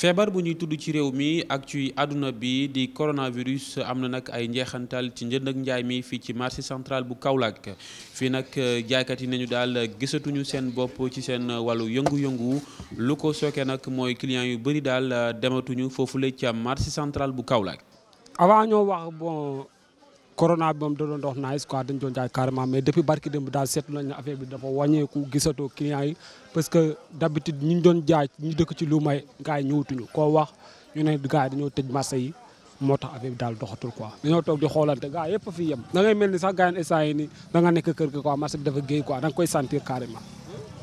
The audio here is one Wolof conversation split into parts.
feebar bu ñuy tudd ci réew mi ak ci àdduna bi di coronavirus am na nag ay njeexantal ci njënd ak njaay mi fii ci marché centrale bu Kaolack fii nag eh, jaaykat yi nañu daal gisatuñu seen bopp ci seen eh, wàllu yëngu-yëngu lu ko sooke nag mooy clients yu bëri daal eh, dematuñu foofu foofule ca marché centrale bu Kaolack. avant ñoo wax bon. corona bi moom da doon dox nice quoi dañ doon jaay carrément mais depuis barki démb daal seetlu nañ ne affaire bi dafa wàññeeku gisatoo clients yi parce que d'habitude ñu doon jaay ñu dëkk ci lu may gars yi ñëwatuñu wax ñu ne gars yi tëj marché yi moo tax affaire bi daal doxatul quoi dañoo toog di xoolante gars yëpp a fi yem da ngay mel ni sax gars yi instant yi ni da nga nekk kër ga quoi marché bi dafa géey quoi da koy sentir carrément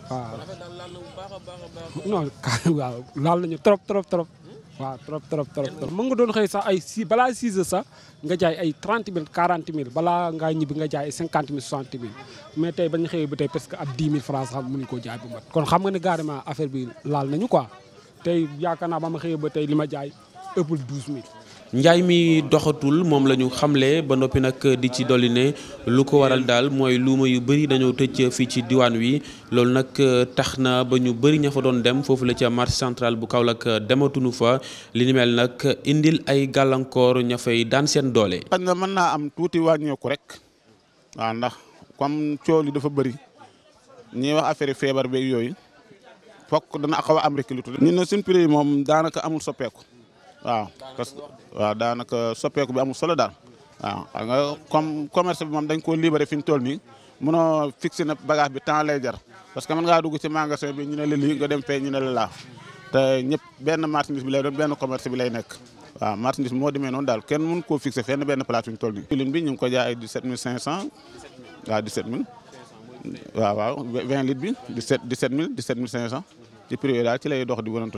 waaw laal nañu trop trop trop waaw trop trop trop trop nga doon xëy sax ay si balaa 6 heures sax nga jaay ay 30 mille 40 mille balaa ngaa ñibbi nga jaay ay 50 mille 60 mille mais tey bañ xëyee ba tey presque ab 10 mille francs sax mënuñ koo jaay bu mat kon xam nga ne carrément affaire bi laal nañu quoi tey yaakaar naa ba ma xëyee ba tey li ma jaay ëppul 12 mille njaay mi doxatul moom lañu ñu xamle ba noppi nag di ci dolli ne lu ko waral daal mooy luuma yu bari dañoo tëj fii ci diwaan wi loolu nag eh, tax na ba ñu bari ña fa doon dem foofu la ca marché central bu kaw Kaolack eh, dematuñu fa li ni mel nag indil ay gàllankoor ña fay daan seen doole. xam na mën naa am tuuti wàññeeku rek waa ndax comme coow li dafa bëri ñuy wax affaire feebar beeg yooyu fokk dana xaw a am rek lu tudd. ñun suñu prix moom daanaka amul soppeeku. waaw parce que waaw daanaka soppeeku bi amul solo daal waaw xam nga comme commerce bi moom dañ koo libéré fi mu toll nii mënoo fixé na bagage bi temps lay jar parce que mën ngaa dugg ci magasin bi ñu ne la lii nga dem fee ñu ne la laa te ñëpp benn marchandise bi lay benn commerce bi lay nekk waaw marchandise moo demee noon daal kenn mun koo fixé fenn benn place fi mu toll nii. ligne bi ñu ngi ko jaay ay 17500 waaw 17000 waaw waaw 20 litres bi 17 17000 17500. ci prix yooyu daal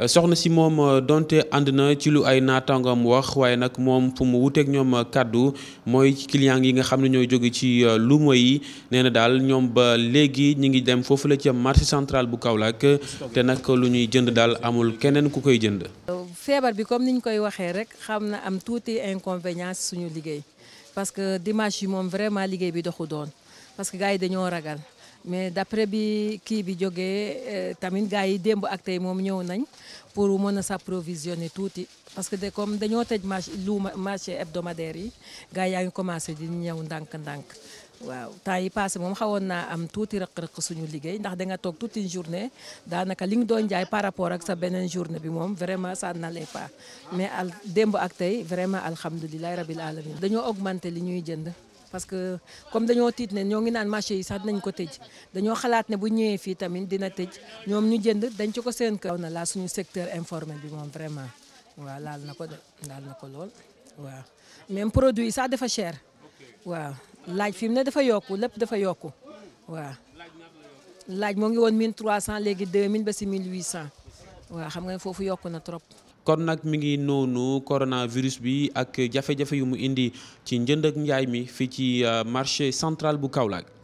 euh, soxna si moom euh, donte ànd na ci lu ay naataangoom wax waaye nag moom fu mu wuteeg ñoom euh, kàddu mooy client yi nga xam ne ñooy jóge ci lu yi nee na daal ñoom ba léegi ñu ngi dem foofu la ca marché central bu Kaolack te nag lu ñuy jënd daal amul keneen ku koy jënd. feebar bi comme ni ñu koy waxee rek xam na am tuuti inconvénient suñu liggéey parce que dimanche yi moom vraiment liggéey bi doxu doon parce que dañoo ragal. mais d'après bi kii bi jógee eh, tamit gars yi demb ak tey moom ñëw nañ pour mën a s'approvisionner tuuti parce que de comme dañoo tëj marché lu marché hebdomadaire yi gars yaa ngi commencé di ñëw ndànk-ndànk waaw temps yi passé moom xawoon naa am tuuti rëq-rëq suñu liggéey ndax da nga toog tuuti une journée daanaka li nga doo njaay par rapport ak sa beneen journée bi moom vraiment ça n'allait pas mais al démb ak tey vraiment alhamdulilah rabil alamin dañoo augmenté li ñuy jënd parce que comme dañoo tiit ne ñoo ngi naan marché yi sax dinañ ko tëj dañoo xalaat ne bu ñëwee fii tamit dina tëj ñoom ñu jënd dañ ci ko seen kaw na laa suñu secteur informel bi moom vraiment waaw laal na ko de laal na ko lool waaw même produit yi sax dafa cher waaw laaj fi mu ne dafa yokk lépp dafa yokku waaw laaj moo ngi woon 1300 léegi 2000 ba si 1800 waaw xam nga foofu yokk na trop kon nag mi ngi noonu coronavirus bi ak jafe-jafe yu mu indi ci njënd ak njaay mi fii ci euh, marché central bu Kaolack